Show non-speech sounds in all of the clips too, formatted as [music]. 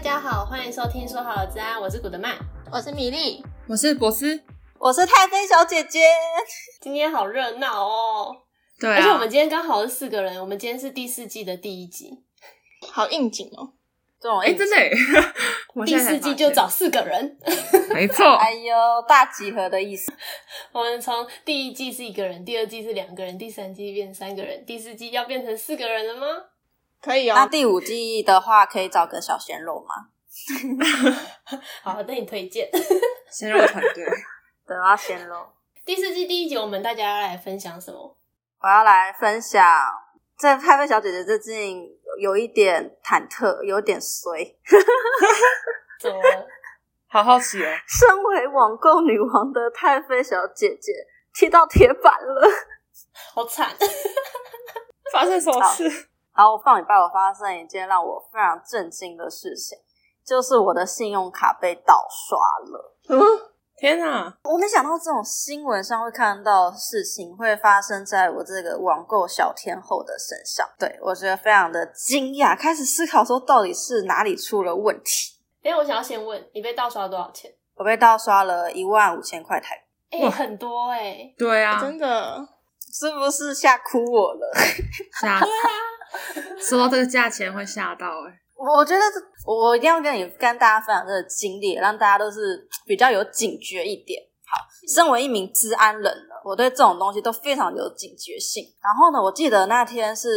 大家好，歡迎收聽《說好的資安》，我是古德曼，我是米粒，我是博斯，我是泰菲小姐姐。今天好熱鬧哦！對、啊，而且我們今天剛好是四個人，我們今天是第四季的第一集，好應景哦。這種哎，真的， [laughs] 第四季就找四個人， [laughs] 沒錯錯。哎呦，大集合的意思。我們從第一季是一個人，第二季是兩個人，第三季變成三個人，第四季要變成四個人了嗎？可以哦。那第五季的話，可以找個小鮮肉嗎？ [laughs] [laughs] 好，那你推薦鮮 [laughs] 肉團隊， [laughs] 等到鮮肉。第四季第一集，我們大家要來分享什麼？我要來分享，在太妃小姐姐最近有一點忐忑，有點衰， [laughs] 怎麼？好好奇哦。身為網購女王的太妃小姐姐，踢到鐵板了，好慘慘！ [laughs] 發生什麼事？好，我上禮拜，我發生一件讓我非常震驚的事情，就是我的信用卡被盜刷了。嗯，天哪！我沒想到這種新聞上會看到事情，會發生在我這個網購小天後的身上。對，我覺得非常的驚訝。開始思考說，到底是哪裡出了問題？哎，我想要先問你，被盜刷了多少錢？我被盜刷了一萬五千塊台幣，哎、欸，很多哎、欸。哇對啊，啊，真的，是不是嚇哭我了？嚇啥？ [laughs] 對、啊 [laughs] 說到這個價錢會嚇到哎、欸，我覺得我我一定要跟你跟大家分享這個經歷，讓大家都是比較有警覺一點。好，身為一名資安人，我對這種東西都非常有警覺性。然後呢，我記得那天是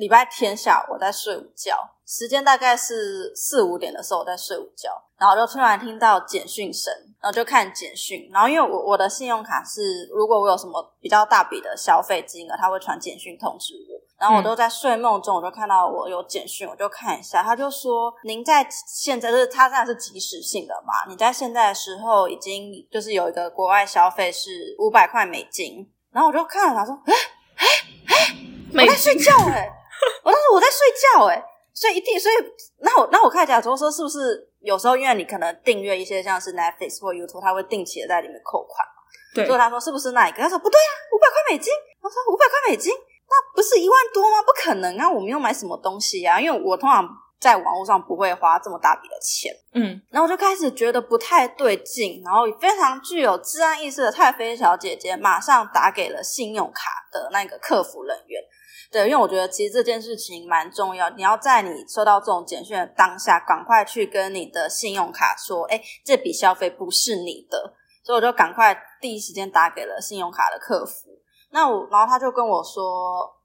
禮拜天下午，我在睡午覺，時間大概是四五點的時候，我在睡午覺，然後就突然聽到簡訊聲，然後就看簡訊，然後因為我我的信用卡是如果我有什麼比較大筆的消費金額，他會傳簡訊通知我。然後我都在睡夢中，嗯、我就看到我有簡訊，我就看一下，他就說：“您在現在，就是他真的是即時性的嘛？你在現在的時候已經就是有一個國外消費是五百塊美金。”然後我就看了他說：“哎哎哎，美金我在睡覺哎、欸！” [laughs] 我當時我在睡覺哎、欸，所以一定所以那我那我看一下，我說是不是有時候因為你可能訂閱一些像是 Netflix 或 YouTube，他會定期的在裡面扣款嘛？對。所以他說是不是那一個？他說不對啊，五百塊美金。我說五百塊美金。那不是一萬多嗎？不可能啊！我沒有買什麼東西呀、啊，因為我通常在網絡上不會花這麼大筆的錢。嗯，然後我就開始覺得不太對勁，然後非常具有資安意識的太妃小姐姐馬上打給了信用卡的那個客服人員。對，因為我覺得其實這件事情蠻重要，你要在你收到這種簡訊的當下，趕快去跟你的信用卡說：“哎，這筆消費不是你的。”所以我就趕快第一時間打給了信用卡的客服。那我，然後他就跟我說，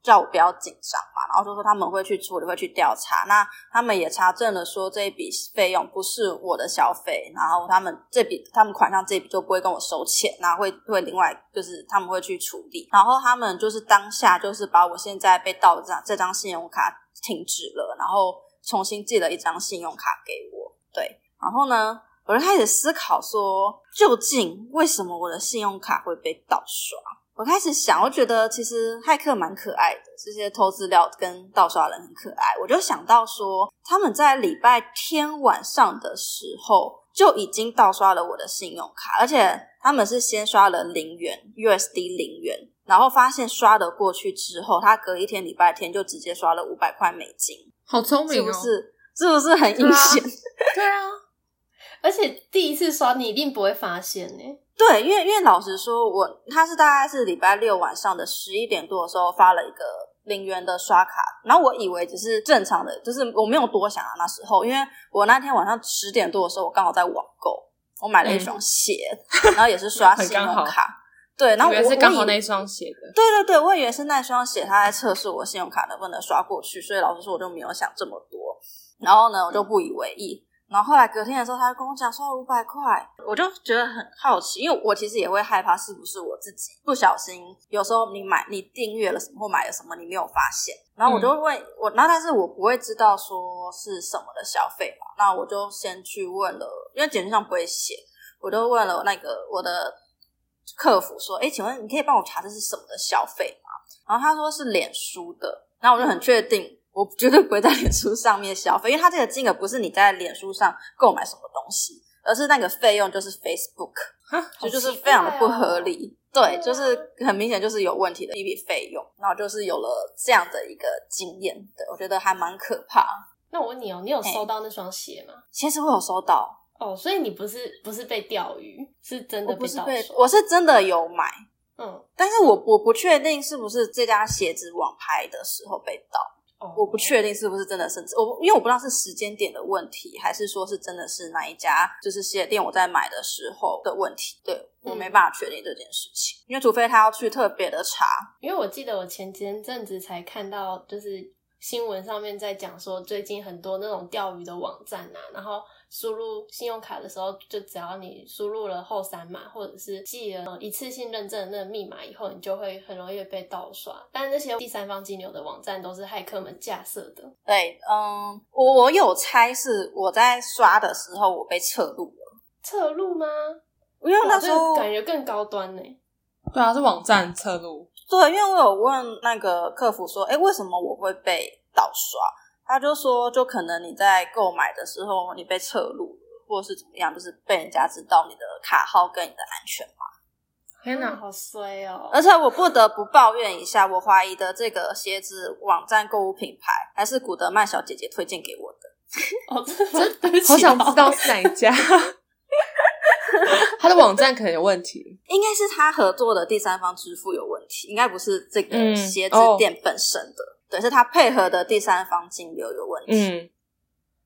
叫我不要緊張嘛，然後就說他們會去處理，會去調查。那他們也查證了，說這一筆費用不是我的消費，然後他們這筆，他們款項這筆就不會跟我收錢，那會會另外就是他們會去處理。然後他們就是當下就是把我現在被盜的這張這張信用卡停止了，然後重新寄了一張信用卡給我。對，然後呢，我就開始思考說，究竟為什麼我的信用卡會被盜刷？我開始想，我覺得其實駭客蠻可愛的，這些偷資料跟盜刷人很可愛。我就想到說，他們在禮拜天晚上的時候就已經盜刷了我的信用卡，而且他們是先刷了零元 USD 零元，然後發現刷了過去之後，他隔一天禮拜天就直接刷了五百塊美金，好聰明哦！是不是？是不是很陰險、啊？對啊，而且第一次刷你一定不會發現呢、欸。對，因為因為老實說我，我他是大概是禮拜六晚上的十一點多的時候發了一個零元的刷卡，然後我以為只是正常的，就是我沒有多想啊。那時候，因為我那天晚上十點多的時候，我剛好在網購，我買了一雙鞋，嗯、然後也是刷信用卡。 [laughs] 好對，然後我我以為是剛好那一雙鞋的。對對對，我以為是那雙鞋，它在測試我信用卡能不能刷過去，所以老實說，我就沒有想這麼多，然後呢，我就不以為意。然後後來隔天的時候，他就跟我講說五百塊，我就覺得很好奇，因為我其實也會害怕是不是我自己不小心，有時候你買你訂閱了什麼或買了什麼你沒有發現，然後我就問我，那但是我不會知道說是什麼的消費嘛，那我就先去問了，因為簡訊上不會寫，我就問了那個我的客服說，哎，請問你可以幫我查這是什麼的消費嗎？然後他說是臉書的，那我就很確定。我絕對不會在臉書上面消費，因為它這個金額不是你在臉書上購買什麼東西，而是那個費用就是 Facebook，蛤就就是非常的不合理。對，就是很明顯就是有問題的一筆費用。然後就是有了這樣的一個經驗對，我覺得還蠻可怕。那我問你哦、喔，你有收到那雙鞋嗎？其實我有收到。哦，所以你不是不是被釣魚，是真的被不是被盜？我是真的有買，嗯，但是我我不確定是不是這家鞋子網拍的時候被盜。我不確定是不是真的是，甚至我因為我不知道是時間點的問題，還是說是真的是哪一家就是鞋店我在買的時候的問題，對我沒辦法確定這件事情，因為除非他要去特別的查。因為我記得我前幾天陣子才看到，就是新聞上面在講說，最近很多那種釣魚的網站啊，然後。輸入信用卡的時候，就只要你輸入了後三碼，或者是記了一次性認證的那個密碼以後，你就會很容易被盜刷。但這些第三方金流的網站都是駭客們架設的。對，嗯，我我有猜是我在刷的時候我被側錄了。側錄嗎？因為那是、這個、感覺更高端呢、欸。對啊，是網站側錄。對，因為我有問那個客服說，哎、欸，為什麼我會被盜刷？他就說，就可能你在購買的時候，你被側錄或者是怎麼樣，就是被人家知道你的卡號跟你的安全碼。天哪、嗯，好衰哦！而且我不得不抱怨一下，我懷疑的這個鞋子網站購物品牌，還是古德曼小姐姐推薦給我的。哦、 [laughs] 真的，對不起哦、好想知道是哪一家？ [laughs] [laughs] 他的網站可能有問題，應該是他合作的第三方支付有問題，應該不是這個鞋子店、嗯、本身的。哦對，是他配合的第三方金流有問題。嗯，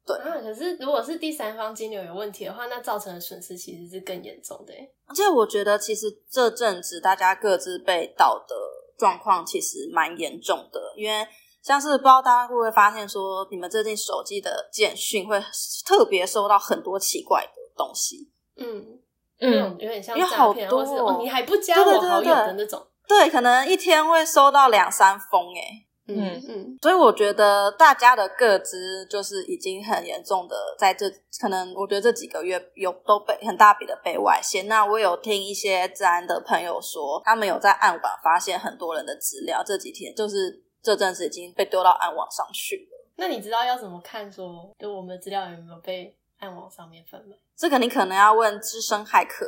對、啊。可是，如果是第三方金流有問題的話，那造成的損失其實是更嚴重的、欸。而且，我覺得其實這陣子大家各自被盜的狀況其實蠻嚴重的，因為像是不知道大家會不會發現，說你們最近手機的簡訊會特別收到很多奇怪的東西。嗯嗯，有點像、啊、因為好多哦，哦，你還不加我好友的那種。對，對，對，對，對，可能一天會收到兩三封哎、欸。嗯嗯，嗯所以我覺得大家的個資就是已經很嚴重的，在這可能我覺得這幾個月有都被很大筆的被外洩。那我有聽一些資安的朋友說，他們有在暗網發現很多人的資料，這幾天就是這陣子已經被丟到暗網上去了。那你知道要怎麼看說，就我們的資料有沒有被暗網上面分嗎？這個你可能要問資深駭客，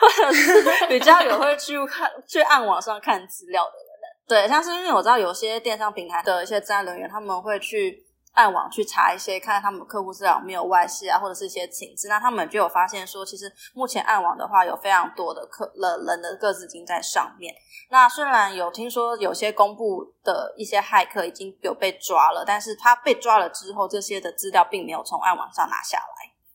或者是比較有會去看 [laughs] 去暗網上看資料的人。對，像是因為我知道有些電商平台的一些資安人員，他們會去暗網去查一些，看他們客戶資料有沒有外泄啊，或者是一些情資。那他們就有發現說，其實目前暗網的話，有非常多的客了人的個資已經在上面。那雖然有聽說有些公布的一些駭客已經有被抓了，但是他被抓了之後，這些的資料並沒有從暗網上拿下來。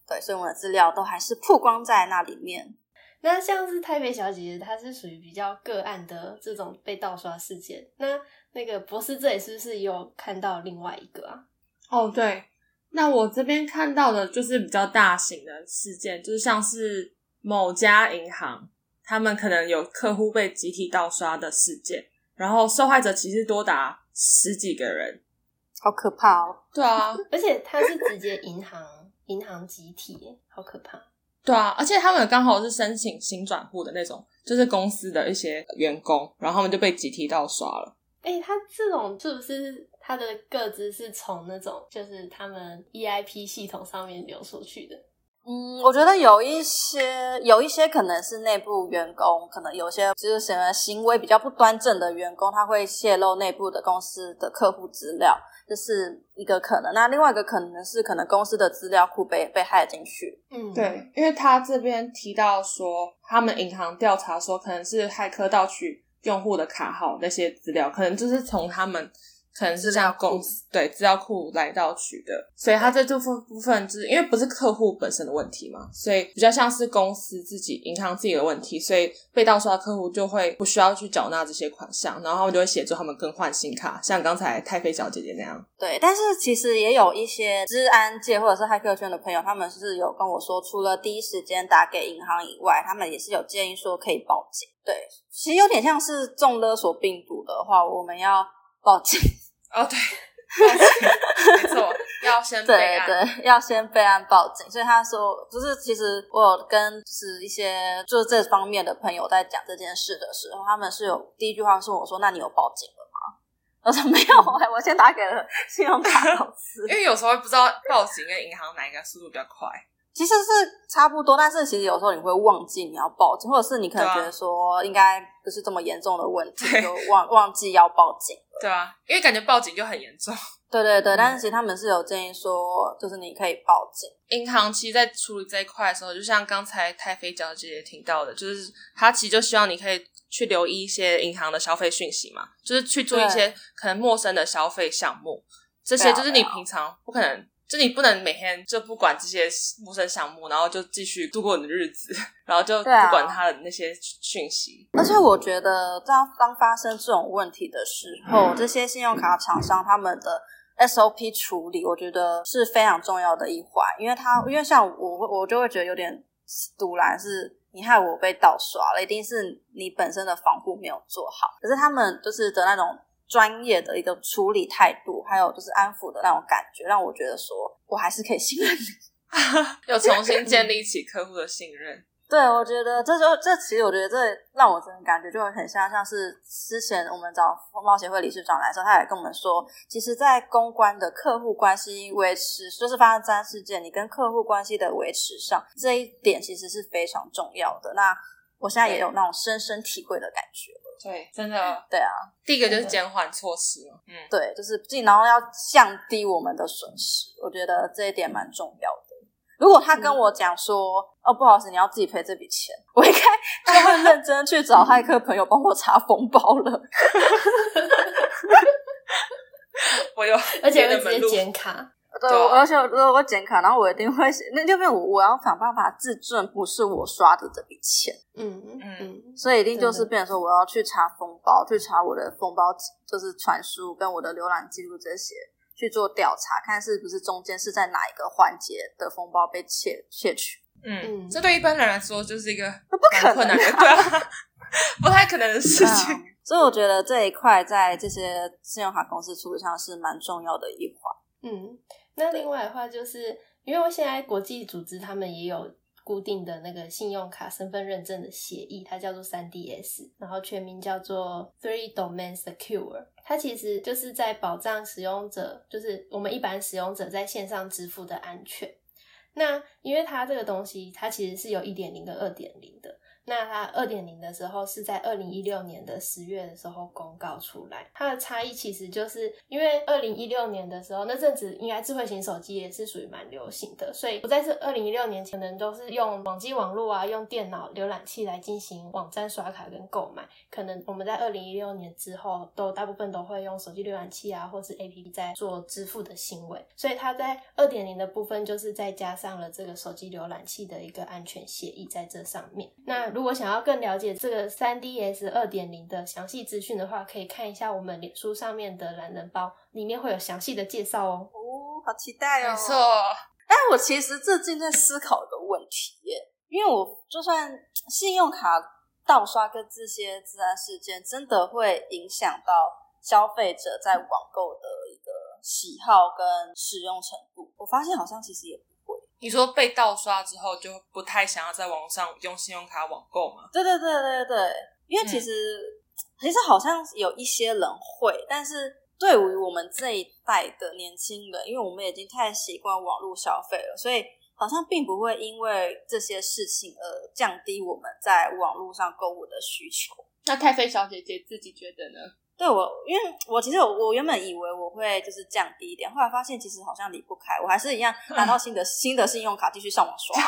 對，所以我們的資料都還是曝光在那裡面。那像是台北小姐姐，她是屬於比較個案的這種被盜刷事件。那那個博士這裡是不是也有看到另外一個啊？哦，對，那我這邊看到的就是比較大型的事件，就是像是某家銀行，他們可能有客戶被集體盜刷的事件，然後受害者其實多達十幾個人，好可怕哦！對啊， [laughs] 而且他是直接銀行銀 [laughs] 行集體，好可怕。對啊，而且他們剛好是申請新轉戶的那種，就是公司的一些員工，然後他們就被集體盜刷了。哎、欸，他這種是不是他的個資是從那種就是他們 EIP 系統上面流出去的？嗯，我覺得有一些，有一些可能是內部員工，可能有些就是什麼行為比較不端正的員工，他會泄露內部的公司的客戶資料，這、就是一個可能。那另外一個可能是，可能公司的資料庫被被駭進去。嗯，對，因為他這邊提到說，他們銀行調查說，可能是駭客盜取用戶的卡號那些資料，可能就是從他們。可能是這樣公司資料庫，對資料庫來盜取的，所以它這這部分就是因為不是客戶本身的問題嘛，所以比較像是公司自己、銀行自己的問題，所以被盜刷的客戶就會不需要去繳納這些款項，然後就會協助他們更換新卡，像剛才太菲小姐姐那樣。對，但是其實也有一些資安界或者是駭客圈的朋友，他們是有跟我說，除了第一時間打給銀行以外，他們也是有建議說可以報警。對，其實有點像是中勒索病毒的話，我們要報警。哦，對報警，沒錯，要先備案對對，要先備案報警。所以他說，就是其實我有跟就是一些做這方面的朋友在講這件事的時候，他們是有第一句話是我說：“那你有報警了嗎？”我說：“沒有，我先打給了信用卡老師。”因為有時候不知道報警跟銀行哪一個速度比較快。其實是差不多，但是其實有時候你會忘記你要報警，或者是你可能覺得說應該不是這麼嚴重的問題，對就忘忘記要報警。對啊，因為感覺報警就很嚴重。對對對，嗯、但是其實他們是有建議說，就是你可以報警。銀行其實，在處理這一塊的時候，就像剛才太妃小姐姐也聽到的，就是他其實就希望你可以去留意一些銀行的消費訊息嘛，就是去做一些可能陌生的消費項目，對這些就是你平常不可能。就你不能每天就不管這些陌生項目，然後就繼續度過你的日子，然後就不管他的那些訊息。啊、而且我覺得當當發生這種問題的時候，嗯、這些信用卡廠商他們的 SOP 處理，我覺得是非常重要的一環，因為他因為像我我就會覺得有點賭爛，是你害我被盜刷了，一定是你本身的防護沒有做好。可是他們就是的那種專業的一個處理態度，還有就是安撫的那種感覺，讓我覺得說。我還是可以信任你， [laughs] 又重新建立起客戶的信任。 [laughs] 對，我覺得這就這其實我覺得這讓我真的感覺就很像像是之前我們找風暴協會理事長來的時候，他也跟我們說，其實，在公關的客戶關係維持，就是發生資安事件，你跟客戶關係的維持上，這一點其實是非常重要的。那我現在也有那種深深體會的感覺。對，真的，對啊，第一個就是減緩措施，對嗯，對，就是自己然後要降低我們的損失，我覺得這一點蠻重要的。如果他跟我講說，嗯、哦，不好意思，你要自己賠這筆錢，我應該就會認真去找駭客朋友幫我查封包了。 [laughs] [laughs] 我有，而且會直接剪卡。 [laughs] 對、啊，而且如果我剪卡，然後我一定會寫那，因變我我要想辦法自證不是我刷的這筆錢。嗯嗯嗯，嗯所以一定就是，變成說我要去查封包，對去查我的封包就是傳輸跟我的瀏覽記錄這些去做調查，看是不是中間是在哪一個環節的封包被竊竊取。嗯，這、嗯、對一般人來說就是一個、啊、不可能的、啊，對啊，不太可能的事情、啊。所以我覺得這一塊在這些信用卡公司處理上是蠻重要的一環。嗯。那另外的話，就是因為我現在國際組織他們也有固定的那個信用卡身份認證的協議，它叫做 3DS，然後全名叫做 Three Domain Secure。它其實就是在保障使用者，就是我們一般使用者在線上支付的安全。那因為它這個東西，它其實是有1.0跟2.0的。那它二點零的時候是在二零一六年的十月的時候公告出來，它的差異其實就是因為二零一六年的時候那陣子應該智慧型手機也是屬於蠻流行的，所以不再是二零一六年可能都是用網際網絡啊，用電腦瀏覽器來進行網站刷卡跟購買，可能我們在二零一六年之後都大部分都會用手機瀏覽器啊，或是 APP 在做支付的行為，所以它在二點零的部分就是再加上了這個手機瀏覽器的一個安全協議在這上面，那。如果想要更了解這個三 DS 二點零的詳細資訊的話，可以看一下我們臉書上面的懶人包，裡面會有詳細的介紹哦。哦，好期待哦。沒錯，哎，我其實最近在思考一個問題耶，因為我就算信用卡盜刷跟這些資安事件，真的會影響到消費者在網購的一個喜好跟使用程度。我發現好像其實也不。你說被盜刷之後就不太想要在網上用信用卡網購嗎？對對對對對，因為其實、嗯、其實好像有一些人會，但是對於我們這一代的年輕人，因為我們已經太習慣網絡消費了，所以好像並不會因為這些事情而降低我們在網絡上購物的需求。那太妃小姐姐自己覺得呢？對我，因為我其實我，我原本以為我會就是降低一點，後來發現其實好像離不開，我還是一樣拿到新的、嗯、新的信用卡繼續上網刷， [laughs]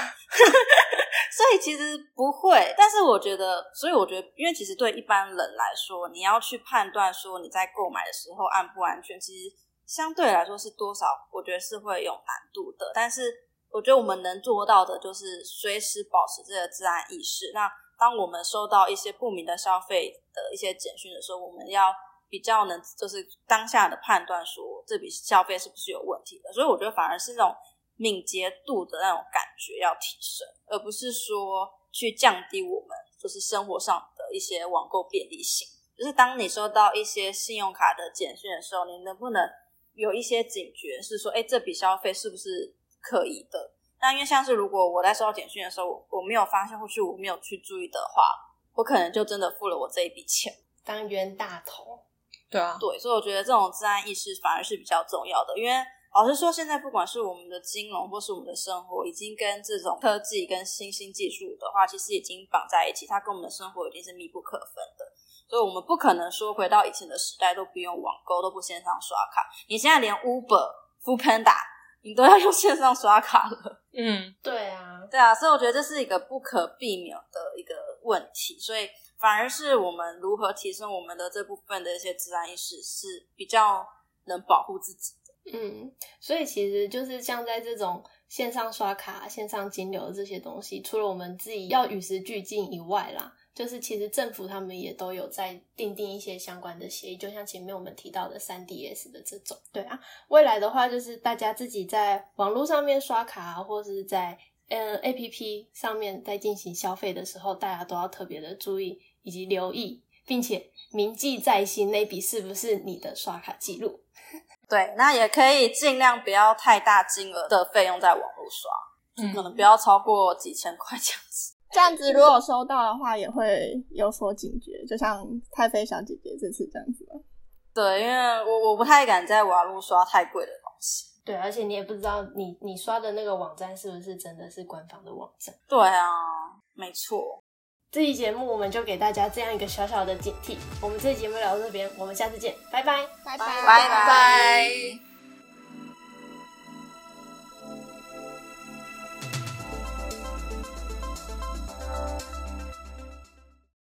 所以其實不會。但是我覺得，所以我覺得，因為其實對一般人來說，你要去判斷說你在購買的時候安不安全，其實相對來說是多少，我覺得是會有難度的。但是我覺得我們能做到的就是隨時保持這個資安意識。那當我們收到一些不明的消費的一些簡訊的時候，我們要比較能就是當下的判斷，說這筆消費是不是有問題的。所以我覺得反而是那種敏捷度的那種感覺要提升，而不是說去降低我們就是生活上的一些網購便利性。就是當你收到一些信用卡的簡訊的時候，你能不能有一些警覺，是說，誒，這筆消費是不是可疑的？那因為像是如果我在收到簡訊的時候，我我沒有發現，或是我沒有去注意的話，我可能就真的付了我這一筆錢，當冤大頭，對啊，對，所以我覺得這種資安意識反而是比較重要的。因為老實說，現在不管是我們的金融或是我們的生活，已經跟這種科技跟新興技術的話，其實已經綁在一起，它跟我們的生活已經是密不可分的。所以，我們不可能說回到以前的時代都不用網購，都不線上刷卡。你現在連 Uber、Foodpanda 你都要用線上刷卡了，嗯，對啊，對啊，所以我覺得這是一個不可避免的一個問題，所以反而是我們如何提升我們的這部分的一些資安意識，是比較能保護自己的。嗯，所以其實就是像在這種線上刷卡、線上金流這些東西，除了我們自己要與時俱進以外啦。就是其實政府他們也都有在訂定一些相關的協議，就像前面我們提到的 3DS 的這種。對啊，未來的話就是大家自己在網絡上面刷卡，或是在嗯 APP 上面在進行消費的時候，大家都要特別的注意以及留意，並且銘記在心，那筆是不是你的刷卡記錄？對，那也可以儘量不要太大金額的費用在網絡刷，可能，嗯，不要超過幾千塊這樣子。這樣子如果收到的話，也會有所警覺，就像太妃小姐姐這次這樣子吧。對，因為我我不太敢在網絡刷太貴的東西。對，而且你也不知道你你刷的那個網站是不是真的是官方的網站。對啊，沒錯。這期節目我們就給大家這樣一個小小的警惕。我們這期節目聊到這邊，我們下次見，拜拜，拜拜，拜拜。